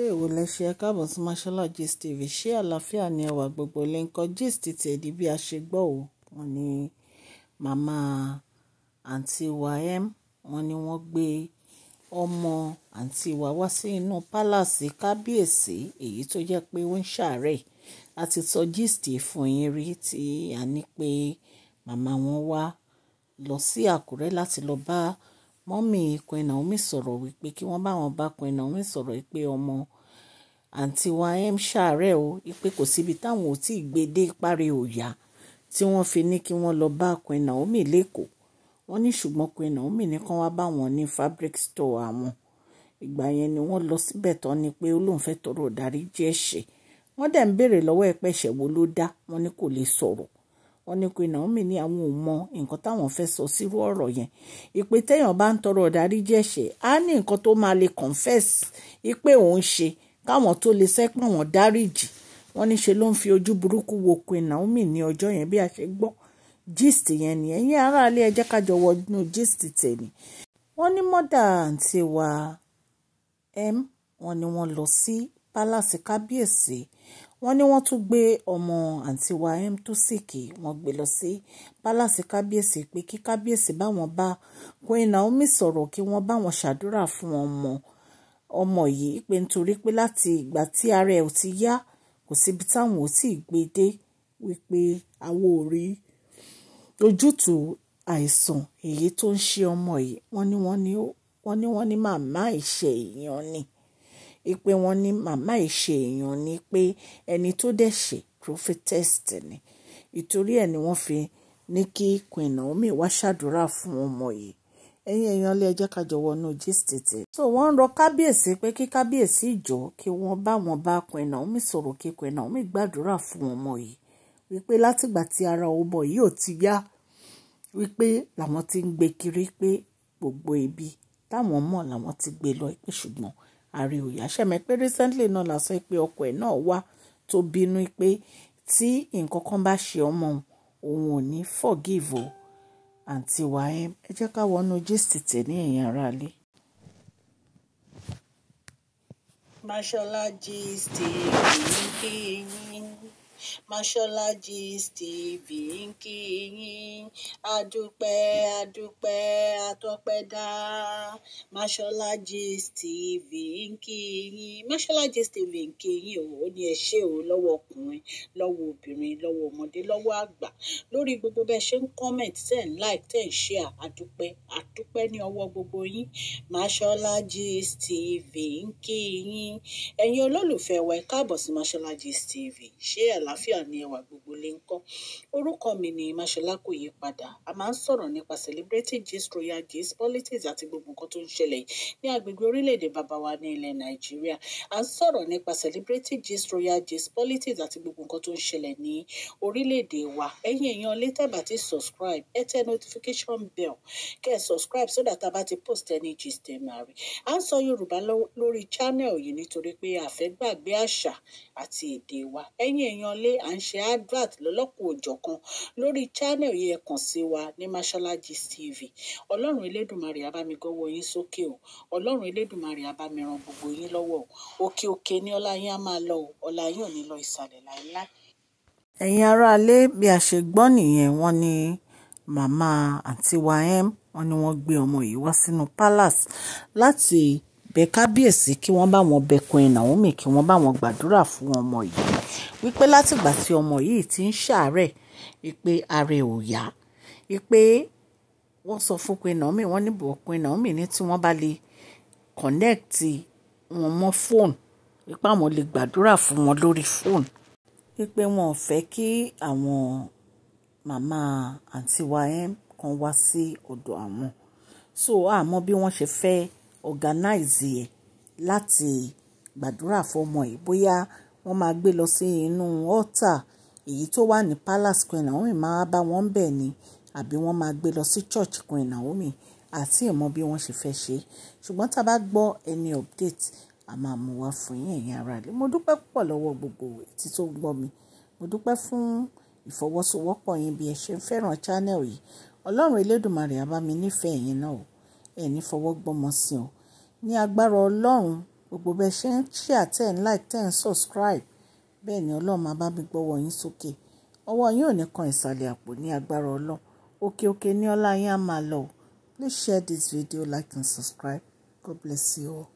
ṣé èwo lẹ ṣe ẹ káàbọ̀ sí Mashola Gist TV ṣé àlàáfíà ni ẹwà gbogbo lè ń kọ gist ti ẹ̀dí bí a ṣe gbọ́ ò wọ́n ní màmá àǹtí wa m wọ́n ní wọ́n gbé ọmọ àǹtí wa wá sí inú pálàsì kábíyèsí èyí tó jẹ́ pé ó ń ṣàárẹ̀ a ti sọ gist fún yín rí tí a ní pé màmá wọn wá lọ sí Àkúrẹ́ láti lọ bá mọ́mì Queen Naomi sọ̀rọ̀ wípé kí wọ́n bá wọn bá Queen Naomi sọ̀rọ̀ wípé ọmọ àǹtí wa m ṣàárẹ̀ o wípé kò síbi táwọn ò tí ì gbé dé ìparí òòyà tí wọ́n fi ní kí wọ́n lọ bá Queen Naomi lẹ́kọ̀ọ́ wọ́n ní ṣùgbọ́n Queen Naomi ní kán wá bá wọn ní fabric store àwọn ìgbà yẹn ni wọ́n lọ síbẹ̀ tán ni pé ó lóun fẹ́ tọrọ ìdáríjì ẹ̀ṣẹ̀ wọ́n dẹ̀ ń béèrè lọ́wọ́ ẹ̀ pẹ̀ṣẹ̀ ló dá wọ́n ní kò lè sọ̀rọ̀ wọ́n ní pé Naomi ní àwọn ò mọ nǹkan táwọn fẹ́ sọ sírú ọ̀rọ̀ yẹn ìpè téèyàn bá ń tọrọ ọ̀darí jẹ̀ṣẹ̀ á ní nǹkan tó máa lè confess ìpè òun ṣe káwọn tó lè sẹ́pọ̀n wọn dáríjì wọ́n ní ṣe ló ń fi ojú burúkú wo pé Naomi ní ọjọ́ yẹn bí a ṣe gbọ́ gist yẹn ni ẹ̀yin aráalé ẹ jẹ́ ká jọ gist tẹ̀lé wọ́n ní mọ́dà àǹtí wa m wọ́n ní wọ́n lọ sí pálásì kábíyèsí wọ́n ní wọ́n tún gbé ọmọ àǹtí wa m tó sìkì wọ́n gbé lọ sí pálásì kábíyèsí pé kí kábíyèsí báwọn bá Queen Naomi sọ̀rọ̀ kí wọ́n báwọn ṣàdúrà fún ọmọ ọmọ yìí pé nítorí pé láti ìgbà tí ara ẹ̀ ò ti yá kò síbi táwọn ò tí ì gbé dé wípé àwọn ò rí ojútùú àìsàn èyí tó ń ṣe ọmọ yìí wọ́n ní wọ́n ní wọ́n ní màmá ìṣe èèyàn ni pé wọ́n ní màmá ìṣe èèyàn ni pé ẹni tó dẹ̀ ṣe prophetess ni ìtorí ẹ̀ ni wọ́n fi ní kí Queen Naomi wá ṣàdúrà fún ọmọ yìí ẹ̀yin èèyàn ilé ẹjẹ́ kájọ wọnú gist tètè. so wọ́n ń rọ kábíyèsí pé kí kábíyèsí ìjọ kí wọ́n bá wọn bá Queen Naomi sọ̀rọ̀ kí Queen Naomi gbàdúrà fún ọmọ yìí wípé látìgbà tí ara ọmọ yìí ò ti yá wípé làwọn ti ń gbé kiri pé gbogbo ibi táwọn mọ̀ làwọn ti gbé lọ pé ṣùgbọ́n ààrẹ òyà ṣẹ̀mẹ̀ pé recently náà la sọ pé ọkọ ẹ̀ náà wá tó bínú pé tí nǹkan kan bá ṣe ọmọ òun ò ní forgive o àǹtí wàhẹ́m ẹ jẹ́ ká wọnú gist tẹ̀ ní ẹ̀yìn ara lé. Mashola Gist TV ń kí yín Mashola Gist TV ń kí yín adúpẹ́ adúpẹ́ atọ́pẹ́dá mashola gist tv ń kí yín mashola gist tv ń kí yín o ó ní ẹ o lọ́wọ́ ọkùnrin lọ́wọ́ obìnrin lọ́wọ́ ọmọdé lọ́wọ́ àgbà lórí gbogbo bẹ́ẹ̀ ṣe ń comment tẹ̀ ń like tẹ̀ ń share adúpẹ́ adúpẹ́ ní ọwọ́ gbogbo yín mashola gist tv ń kí yín ẹ̀yin olólùfẹ́ wa ẹ káàbọ̀ sí mashola gist tv ṣé àlàáfíà ni ẹwà gbogbo lè ń kọ́ orúkọ mi ni mashola kò yí padà a máa ń sọ̀rọ̀ nípa celebrity gist royal gist politics àti gbogbo nǹkan tó ń ṣẹlẹ̀ ní agbègbè orílẹ̀-èdè bàbá wa ní ilẹ̀ nàìjíríà a ń sọ̀rọ̀ nípa celebrity gist royal gist politics àti gbogbo nǹkan tó ń ṣẹlẹ̀ ní orílẹ̀-èdè wa ẹ̀yin èèyàn létà ti subscribe ẹ tẹ notification bell kẹ́ ẹ subscribe so that a bá ti post any gist ẹ̀ máa rí a ń sọ yorùbá lórí channel yìí nítorí pé a fẹ́ gbàgbé àṣà àti èdè wa ẹ̀yin èèyàn lé à ń ṣe advert lọ́lọ́kùn òjọ̀kan lórí channel yìí ẹ kàn sí wa ní Mashola Gist TV ọlọ́run elédùnmarè á yín sókè o ọlọ́run elédùnmarè á gbogbo yín lọ́wọ́ òkè òkè ni ọlá yín á máa lọ o ọlá yín ò ní lọ ìsàlẹ̀ láéláé. ẹ̀yin aráalé bí a ṣe gbọ́ nìyẹn wọ́n ní màmá àǹtí wa m wọ́n ní wọ́n gbé ọmọ yìí wá sínú palace láti bẹ kábíyèsí kí wọ́n bá wọn bẹ Queen Naomi kí wọ́n bá wọn gbàdúrà fún ọmọ yìí wípé látìgbà tí ọmọ yìí ti ń ṣàárẹ̀ wípé ara ò yá pé wọ́n sọ fún Queen Naomi wọ́n ní bọ̀ Queen Naomi ní tí wọ́n bá lè connect wọn mọ́ fóònù wípé àwọn lè gbàdúrà fún wọn lórí fóònù wípé wọn ò fẹ́ kí àwọn màmá àǹtí wa kan wá sí ọ̀dọ̀ àwọn so àmọ́ bí wọ́n ṣe fẹ́ organize ẹ̀ láti gbàdúrà fọmọ ẹ̀ bóyá wọ́n máa gbé lọ sí inú ọ́tà èyí tó wà ní palace square náà wọ́n máa bá wọn bẹ̀ ni. Ba, àbí wọ́n máa gbé lọ sí church Queen Naomi àti ìmọ̀ bí wọ́n ṣe fẹ́ ṣe ṣùgbọ́n tá a bá gbọ́ ẹni update a máa mú wá fún yín ẹ̀yin ará ilé mo dúpẹ́ púpọ̀ lọ́wọ́ gbogbo etí tó ń gbọ́ mi mo dúpẹ́ fún ìfọwọ́sowọ́pọ̀ yín bí ẹ ṣe ń fẹ́ràn channel yìí ọlọ́run elédùnmarè á bá mi nífẹ̀ẹ́ yín náà o ẹ̀ ní fọwọ́ gbọ́mọ sí o ní agbára ọlọ́run gbogbo bẹ́ẹ̀ ṣe ń share ten like ten subscribe bẹ́ẹ̀ ni ọlọ́run máa bá mi gbọ́wọ́ yín sókè ọwọ́ yín ò ní kan ìsàlẹ̀ àpò ní agbára ọlọ́run Okay, okay, Niola Yamalo. Please share this video, like and subscribe. God bless you all.